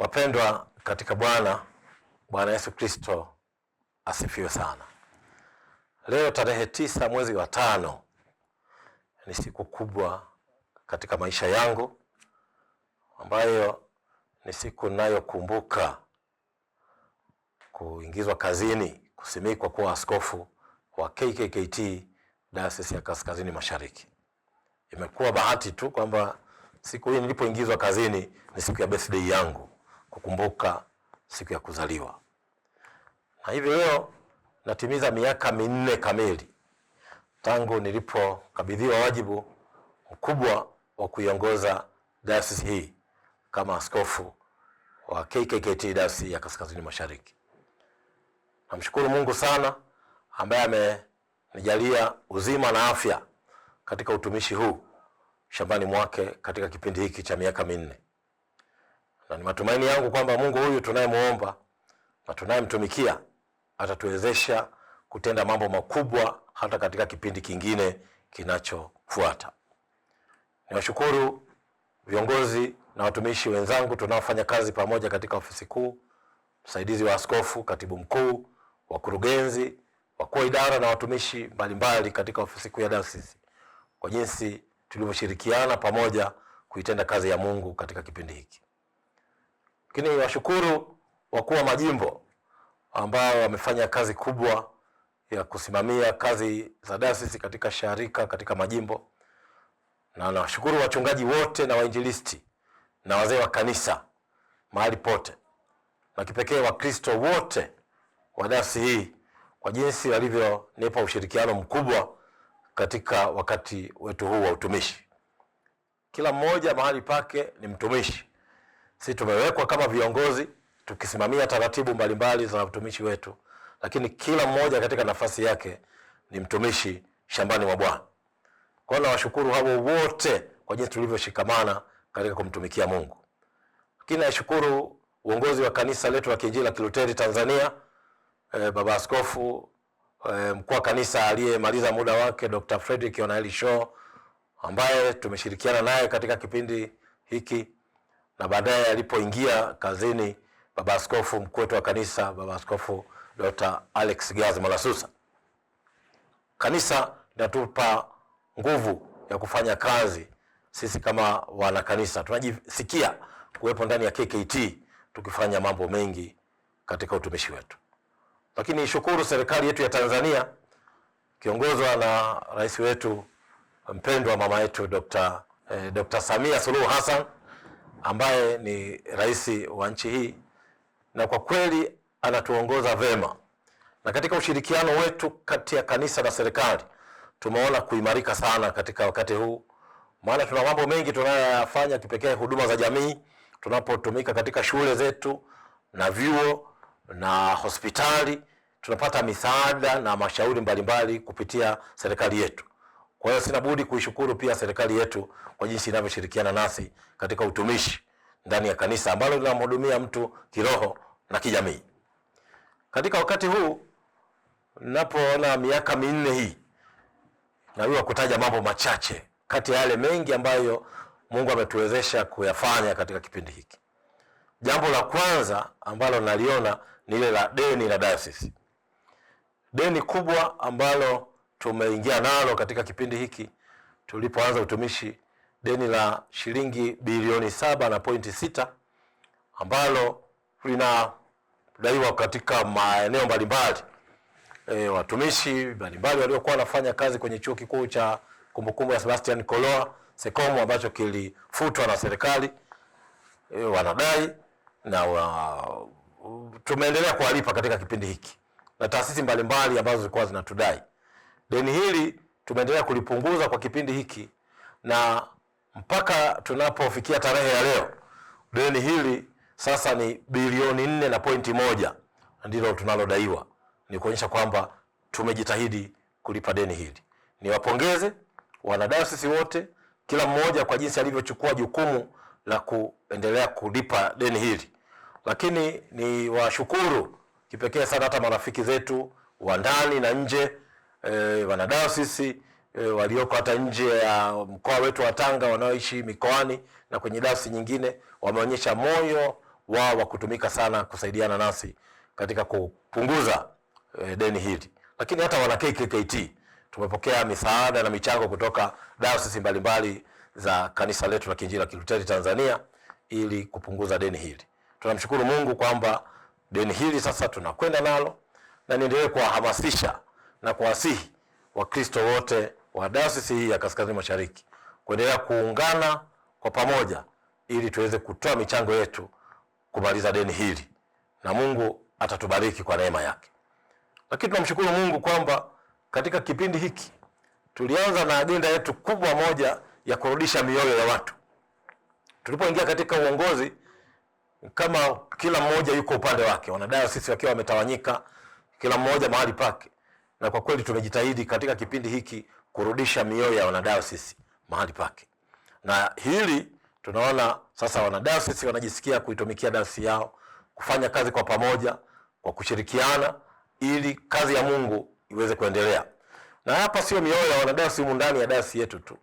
Wapendwa katika Bwana, Bwana Yesu Kristo asifiwe sana. Leo tarehe tisa mwezi wa tano ni siku kubwa katika maisha yangu, ambayo ni siku ninayokumbuka kuingizwa kazini, kusimikwa kuwa askofu wa KKKT Dayosisi ya Kaskazini Mashariki. Imekuwa bahati tu kwamba siku hii nilipoingizwa kazini ni siku ya birthday yangu kukumbuka siku ya kuzaliwa, na hivyo leo natimiza miaka minne kamili tangu nilipokabidhiwa wajibu mkubwa wa kuiongoza dayosisi hii kama askofu wa KKKT Dayosisi ya Kaskazini Mashariki. Namshukuru Mungu sana ambaye amenijalia uzima na afya katika utumishi huu shambani mwake katika kipindi hiki cha miaka minne na ni matumaini yangu kwamba Mungu huyu tunayemwomba na tunayemtumikia atatuwezesha kutenda mambo makubwa hata katika kipindi kingine kinachofuata. Niwashukuru viongozi na watumishi wenzangu tunaofanya kazi pamoja katika ofisi kuu, msaidizi wa askofu, katibu mkuu, wakurugenzi, wakuu wa idara na watumishi mbalimbali mbali katika ofisi kuu ya dayosisi kwa jinsi tulivyoshirikiana pamoja kuitenda kazi ya Mungu katika kipindi hiki. Lakini niwashukuru wakuu wa majimbo ambao wamefanya kazi kubwa ya kusimamia kazi za dayosisi katika sharika katika majimbo, na nawashukuru wachungaji wote na wainjilisti na wazee wa kanisa mahali pote, na kipekee Wakristo wote wa dayosisi hii kwa jinsi walivyonipa ushirikiano mkubwa katika wakati wetu huu wa utumishi. Kila mmoja mahali pake ni mtumishi. Sisi tumewekwa kama viongozi tukisimamia taratibu mbalimbali za watumishi wetu, lakini kila mmoja katika nafasi yake ni mtumishi shambani mwa Bwana. Kwa hiyo nawashukuru hao wote kwa jinsi tulivyoshikamana katika kumtumikia Mungu. Lakini nashukuru uongozi wa kanisa letu la Kiinjili la Kiluteri Tanzania, eh, baba askofu eh, mkuu wa kanisa aliyemaliza muda wake Dr. Frederick Onaeli Shaw ambaye tumeshirikiana naye katika kipindi hiki na baadaye alipoingia kazini baba askofu mkuu wetu wa kanisa baba askofu Dr. Alex Gaz Malasusa, kanisa linatupa nguvu ya kufanya kazi. Sisi kama wanakanisa tunajisikia kuwepo ndani ya KKT tukifanya mambo mengi katika utumishi wetu, lakini shukuru serikali yetu ya Tanzania kiongozwa na rais wetu mpendwa mama yetu Dr. eh, Dr. Samia Suluhu Hassan ambaye ni rais wa nchi hii na kwa kweli anatuongoza vema, na katika ushirikiano wetu kati ya kanisa na serikali tumeona kuimarika sana katika wakati huu, maana tuna mambo mengi tunayoyafanya, kipekee huduma za jamii tunapotumika katika shule zetu na vyuo na hospitali tunapata misaada na mashauri mbalimbali kupitia serikali yetu. Kwa hiyo sina budi kuishukuru pia serikali yetu kwa jinsi inavyoshirikiana nasi katika utumishi ndani ya kanisa ambalo linamhudumia mtu kiroho na kijamii. Katika wakati huu napoona miaka minne hii, naweza kutaja mambo machache kati ya yale mengi ambayo Mungu ametuwezesha kuyafanya katika kipindi hiki. Jambo la kwanza ambalo naliona ni ile la deni la dayosisi, deni kubwa ambalo tumeingia nalo katika kipindi hiki tulipoanza utumishi, deni la shilingi bilioni saba na pointi sita ambalo linadaiwa katika maeneo mbalimbali. E, watumishi mbalimbali waliokuwa wanafanya kazi kwenye chuo kikuu cha kumbukumbu ya Sebastian Koloa Sekomo ambacho kilifutwa na serikali e, wanadai na wa, uh, tumeendelea kuwalipa katika kipindi hiki na taasisi mbalimbali ambazo zilikuwa zinatudai deni hili tumeendelea kulipunguza kwa kipindi hiki na mpaka tunapofikia tarehe ya leo deni hili sasa ni bilioni nne na pointi moja ndilo tunalodaiwa. Ni kuonyesha kwamba tumejitahidi kulipa deni hili. Niwapongeze wanadayosisi wote, kila mmoja kwa jinsi alivyochukua jukumu la kuendelea kulipa deni hili, lakini niwashukuru kipekee sana hata marafiki zetu wa ndani na nje e, wanadayosisi e, walioko hata nje ya mkoa wetu wa Tanga wanaoishi mikoani na kwenye dayosisi nyingine wameonyesha moyo wao wa kutumika sana kusaidiana nasi katika kupunguza e, deni hili, lakini hata wana KKKT tumepokea misaada na michango kutoka dayosisi mbalimbali za kanisa letu la Kiinjili la Kilutheri Tanzania ili kupunguza deni hili. Tunamshukuru Mungu kwamba deni hili sasa tunakwenda nalo, na niendelee kuwahamasisha na kuwasihi Wakristo wote wa dayosisi hii ya Kaskazini Mashariki kuendelea kuungana kwa pamoja ili tuweze kutoa michango yetu kumaliza deni hili, na Mungu atatubariki kwa neema yake. Lakini tunamshukuru Mungu kwamba katika kipindi hiki tulianza na agenda yetu kubwa moja ya kurudisha mioyo ya watu. Tulipoingia katika uongozi, kama kila mmoja yuko upande wake, wanadayosisi wakiwa wametawanyika, kila mmoja mahali pake, na kwa kweli tumejitahidi katika kipindi hiki kurudisha mioyo ya wanadayosisi mahali pake, na hili tunaona sasa wanadayosisi wanajisikia kuitumikia dayosisi yao, kufanya kazi kwa pamoja, kwa kushirikiana ili kazi ya Mungu iweze kuendelea. Na hapa sio mioyo ya wanadayosisi humu ndani ya dayosisi yetu tu,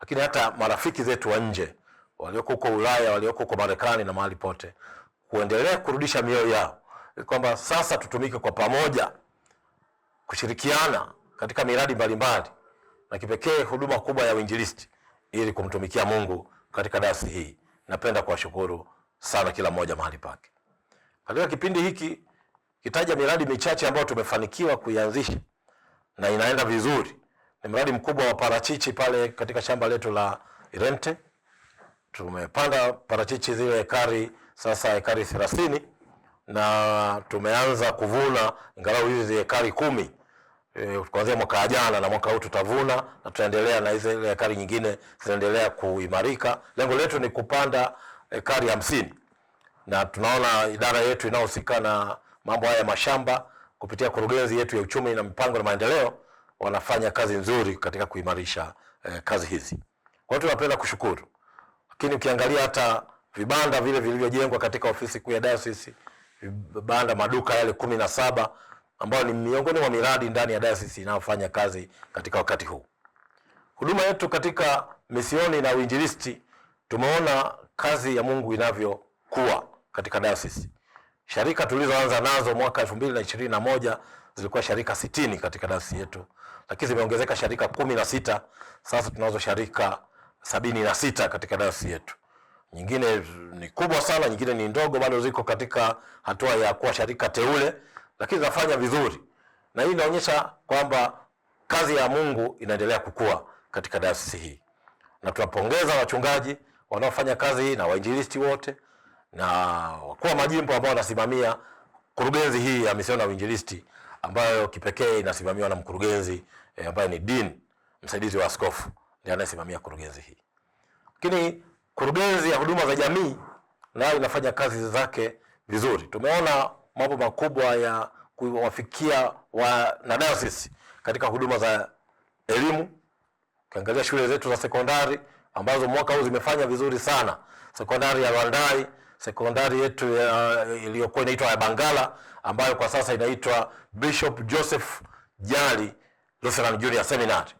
lakini hata marafiki zetu wa nje walioko huko Ulaya, walioko huko Marekani na mahali pote, kuendelea kurudisha mioyo yao kwamba sasa tutumike kwa pamoja kushirikiana katika miradi mbalimbali na kipekee huduma kubwa ya uinjilisti ili kumtumikia Mungu katika dasi hii. Napenda kuwashukuru sana kila mmoja mahali pake. Katika kipindi hiki kitaja miradi michache ambayo tumefanikiwa kuianzisha na inaenda vizuri. Ni mradi mkubwa wa parachichi pale katika shamba letu la Irente. Tumepanda parachichi zile ekari sasa ekari thelathini na tumeanza kuvuna angalau hizi hekari kumi e, kuanzia mwaka jana na mwaka huu tutavuna na tutaendelea na hizi hekari nyingine zinaendelea kuimarika. Lengo letu ni kupanda hekari hamsini na tunaona idara yetu inayohusika na mambo haya ya mashamba kupitia kurugenzi yetu ya uchumi na mipango na maendeleo wanafanya kazi nzuri katika kuimarisha eh, kazi hizi. Kwa hiyo tunapenda kushukuru, lakini ukiangalia hata vibanda vile vilivyojengwa katika ofisi kuu ya dayosisi vibanda, maduka yale kumi na saba ambayo ni miongoni mwa miradi ndani ya dayosisi inayofanya kazi katika wakati huu. Huduma yetu katika misioni na uinjilisti, tumeona kazi ya Mungu inavyokuwa katika dayosisi. Sharika tulizoanza nazo mwaka elfu mbili na ishirini na moja zilikuwa sharika sitini katika dayosisi yetu, lakini zimeongezeka sharika kumi na sita. Sasa tunazo sharika sabini na sita katika dayosisi yetu nyingine ni kubwa sana, nyingine ni ndogo, bado ziko katika hatua ya kuwa sharika teule, lakini zinafanya vizuri, na hii inaonyesha kwamba kazi ya Mungu inaendelea kukua katika dayosisi hii, na tunapongeza wachungaji wanaofanya kazi hii na wainjilisti wote na wakuu wa majimbo ambao wanasimamia kurugenzi hii ya misioni na uinjilisti ambayo kipekee inasimamiwa na mkurugenzi eh, ambaye ni Dean msaidizi wa askofu ndiye anayesimamia kurugenzi hii lakini Kurugenzi ya huduma za jamii nayo inafanya kazi zake vizuri. Tumeona mambo makubwa ya kuwafikia wanadayosisi katika huduma za elimu. Ukiangalia shule zetu za sekondari ambazo mwaka huu zimefanya vizuri sana, sekondari ya Rwandai, sekondari yetu iliyokuwa inaitwa ya Bangala ambayo kwa sasa inaitwa Bishop Joseph Jali Lutheran Junior Seminary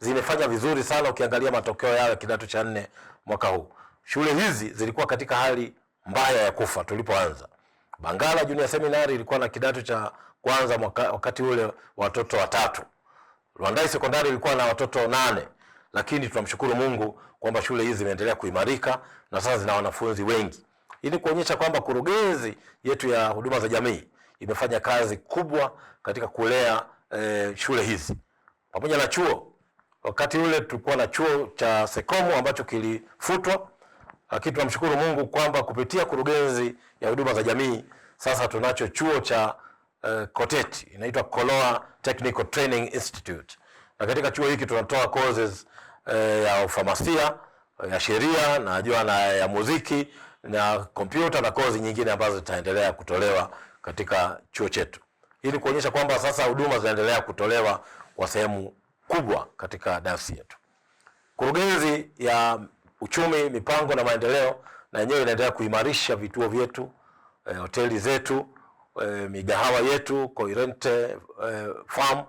zimefanya vizuri sana, ukiangalia matokeo yao ya kidato cha nne mwaka huu. Shule hizi zilikuwa katika hali mbaya ya kufa tulipoanza. Bangala Junior Seminary ilikuwa na kidato cha kwanza mwaka, wakati ule watoto watatu. Rwandai Sekondari ilikuwa na watoto nane, lakini tunamshukuru Mungu kwamba shule hizi zimeendelea kuimarika na sasa zina wanafunzi wengi, ili kuonyesha kwamba kurugenzi yetu ya huduma za jamii imefanya kazi kubwa katika kulea e, shule hizi pamoja na chuo. Wakati ule tulikuwa na chuo cha Sekomo ambacho kilifutwa lakini tunamshukuru Mungu kwamba kupitia kurugenzi ya huduma za jamii sasa tunacho chuo cha uh, inaitwa Koloa Technical Training Institute, na katika chuo hiki tunatoa courses uh, ya ufamasia ya sheria najua na ya muziki na kompyuta na kozi nyingine ambazo zitaendelea kutolewa katika chuo chetu, ili kuonyesha kwamba sasa huduma zinaendelea kutolewa kwa sehemu kubwa katika dasi yetu. Kurugenzi ya uchumi, mipango na maendeleo, na yenyewe inaendelea kuimarisha vituo vyetu, eh, hoteli zetu, eh, migahawa yetu Koirente eh, Farm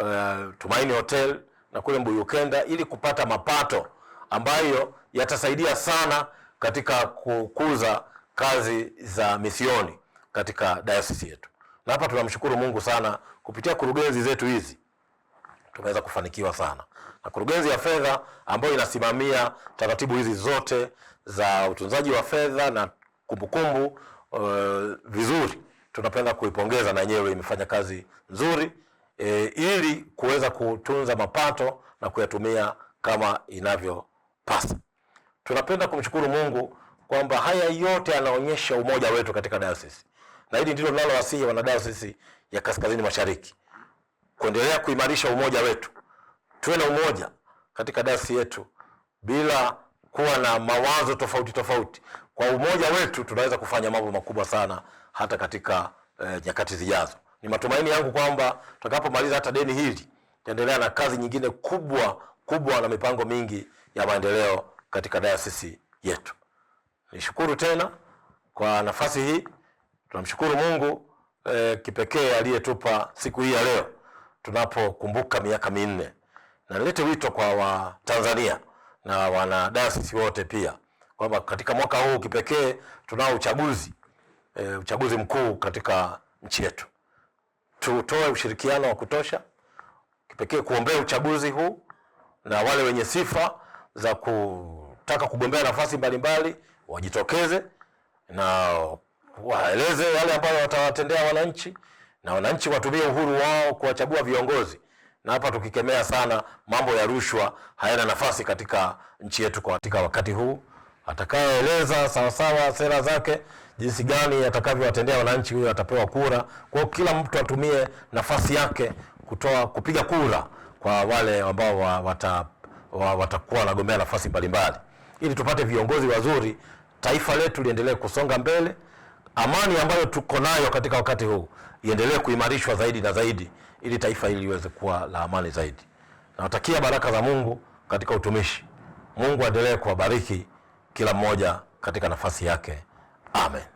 eh, Tumaini Hotel na kule Mbuyukenda ili kupata mapato ambayo yatasaidia sana katika kukuza kazi za misioni katika dayosisi yetu. Na hapa tunamshukuru Mungu sana kupitia kurugenzi zetu hizi tumeweza kufanikiwa sana, na kurugenzi ya fedha ambayo inasimamia taratibu hizi zote za utunzaji wa fedha na kumbukumbu uh, vizuri, tunapenda kuipongeza na yenyewe imefanya kazi nzuri e, ili kuweza kutunza mapato na kuyatumia kama inavyopasa. Tunapenda kumshukuru Mungu kwamba haya yote yanaonyesha umoja wetu katika dayosisi, na hili ndilo linalowasihi wanadayosisi ya Kaskazini Mashariki kuendelea kuimarisha umoja wetu. Tuwe na umoja katika dasi yetu bila kuwa na mawazo tofauti tofauti. Kwa umoja wetu tunaweza kufanya mambo makubwa sana hata katika eh, nyakati zijazo. Ni matumaini yangu kwamba tutakapomaliza hata deni hili tutaendelea na kazi nyingine kubwa kubwa na mipango mingi ya maendeleo katika dayasisi yetu. Nishukuru tena kwa nafasi hii. Tunamshukuru Mungu eh, kipekee aliyetupa siku hii ya leo tunapokumbuka miaka minne, na nilete wito kwa Watanzania na wanadayosisi wote pia kwamba katika mwaka huu kipekee tunao uchaguzi e, uchaguzi mkuu katika nchi yetu, tutoe ushirikiano wa kutosha kipekee kuombea uchaguzi huu na wale wenye sifa za kutaka kugombea nafasi mbalimbali wajitokeze na waeleze yale ambayo watawatendea wananchi na wananchi watumie uhuru wao kuwachagua viongozi. Na hapa tukikemea sana mambo ya rushwa, hayana nafasi katika nchi yetu kwa katika wakati huu. Atakayoeleza sawasawa sera zake jinsi gani atakavyowatendea wananchi, huyo atapewa kura. Kwa hiyo kila mtu atumie nafasi yake kutoa kupiga kura kwa wale ambao wata, wa, watakuwa wanagombea nafasi mbalimbali, ili tupate viongozi wazuri, taifa letu liendelee kusonga mbele amani ambayo tuko nayo katika wakati huu iendelee kuimarishwa zaidi na zaidi, ili taifa hili liweze kuwa la amani zaidi. Nawatakia baraka za Mungu katika utumishi. Mungu aendelee kuwabariki kila mmoja katika nafasi yake. Amen.